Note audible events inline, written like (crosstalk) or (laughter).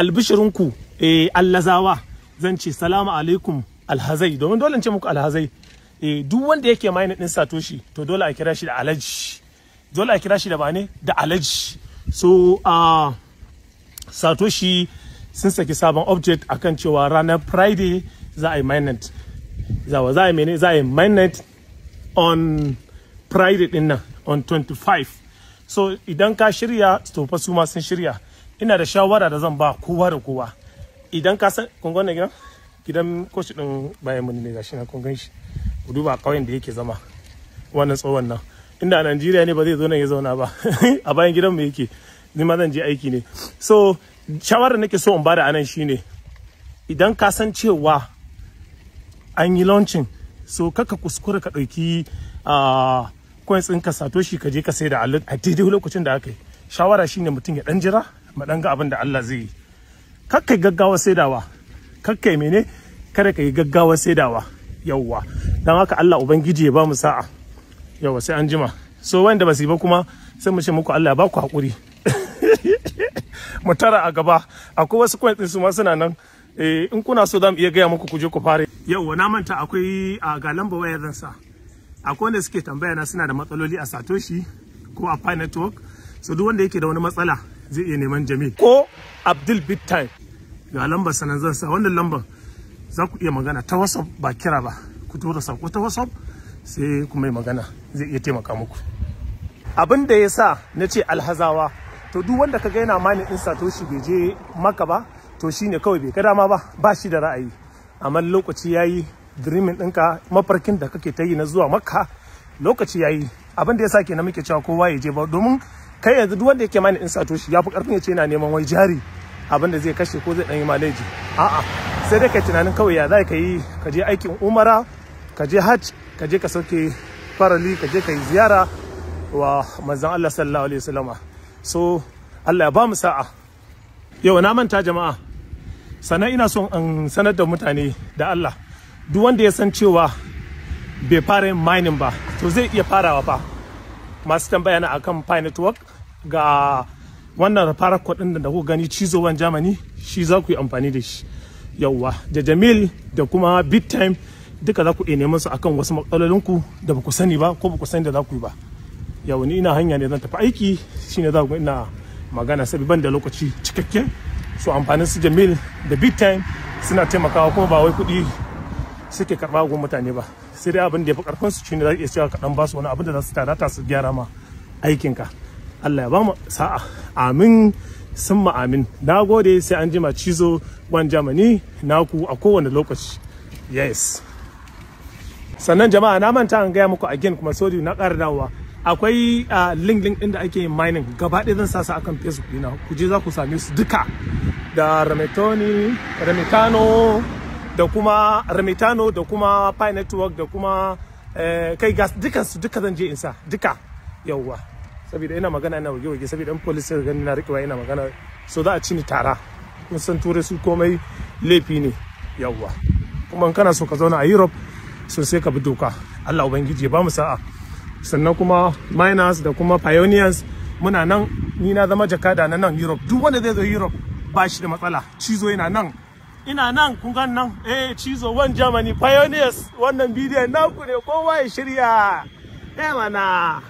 albishirinku eh allazawa zan ce salamu alaikum alhazai domin dole in ce muku alhazai eh, duk wanda yake mayin din satoshi to dole a kira shi da alaji dole a kira shi da ne da alaji so a satoshi sun saki sabon object akan cewa ranar friday za a yi mainnet zawa za a mene za a yi mainnet on friday din nan on 25 so idan ka shirya to su ma sun shirya ina da shawara da zan ba kowa da kowa idan ka san kun gane gidan gidan coach din bayan mun ne gashi na kun shi ku duba kauyen da yake zama wannan tsohon nan inda a Najeriya ne ba zai zo nan ya zauna ba (laughs) a bayan gidan mu yake ni ma zan je aiki ne so shawara nake so in bada anan shine idan ka san cewa an yi launching so kaka kuskure ka dauki a ah, coins ɗin ka sato shi ka je ka sai da a daidai lokacin da aka yi shawara shine mutum ya dan jira ma dan ga abin da Allah zai yi kakkai gaggawa saidawa kakkai mene kada ka yi gaggawa saidawa yawwa dan haka Allah ubangiji ya ba mu sa'a yawwa sai an jima so wanda ba su yi ba kuma sai mu ce muku Allah ya ba ku hakuri (laughs) mu tara a gaba akwai wasu coins su ma suna nan eh, in kuna so zamu iya gaya muku ku je ku fara yauwa na manta akwai a ga lamba wayar zan sa akwai wanda suke tambaya na suna da matsaloli a satoshi ko a pi network so duk wanda yake da wani matsala zai iya neman jamil ko abdul bittai ga lambar sanan zan sa wannan lambar za ku iya magana ta whatsapp ba kira ba ku tura sako ta whatsapp sai ku mai magana zai iya taimaka muku abin da ya sa na ce alhazawa to duk wanda ka ga yana mani in satoshi bai je maka ba to shine kawai bai ka dama ba ba shi da ra'ayi amma lokaci yayi dreaming ɗinka mafarkin da kake ta yi na zuwa makka lokaci yayi abin da ya sa kenan muke cewa kowa ya je ba domin kai yanzu duk wanda yake mani in sato shi yafi karfin ya ce yana neman wai jari abin da zai kashe ko zai dan yi maleji a'a sai dai kai tunanin kawai ya za ka yi ka je aikin umara ka je hajj ka je ka sauke farali ka je ka yi ziyara wa manzon Allah sallallahu alaihi wasallama so Allah ya ba mu sa'a yau na manta jama'a sannan ina son an sanar da mutane da Allah duk wanda ya san cewa bai fara yin mining ba to zai iya farawa fa masu tambaya na akan Pi Network ga wannan farar kuɗin da kuka gani cizowan Germany shi za ku yi amfani da shi. Yauwa, da Jamil da kuma Bittime duka za ku iya neman su akan wasu matsalolinku da ba ku sani ba ko ba ku sani da za ku yi ba. Yau ni ina hanya ne zan tafi aiki shine za ku ina magana sabi ban da lokaci cikakken su amfanin su Jamil da Bittime suna taimakawa kuma ba wai kuɗi suke karɓa gun mutane ba. sai dai abin da ya fi karfin su shine za iya cewa kaɗan ba su wani abin da za su tada su gyara ma ka Allah ya ba mu sa'a amin sun amin na gode sai an jima cizo ban jamani naku a kowane lokaci yes sannan jama'a na manta an gaya muku again kuma sodi na ƙara dawowa akwai link link din da ake yin mining gaba ɗaya zan sa su akan facebook dina ku je za ku same su duka da remetoni remetano da kuma remitano da kuma pi network da kuma eh, kai gas su duka zan je in sa duka yawwa saboda ina magana ina wage wage saboda in police sai gani na rikewa ina magana so za a ci ni tara kun san turai su komai laifi ne yawwa kuma in kana so ka zauna a Europe so sai ka bi doka Allah ubangiji bamu ba mu sa'a sannan kuma miners da kuma pioneers muna nan ni na zama jakada na nan Europe duk wanda zai zo Europe ba shi da matsala cizo yana nan ina nan kun gan nan eh cizo wan germany pioneers wannan bidiyon naku ne kowa ya shirya eh mana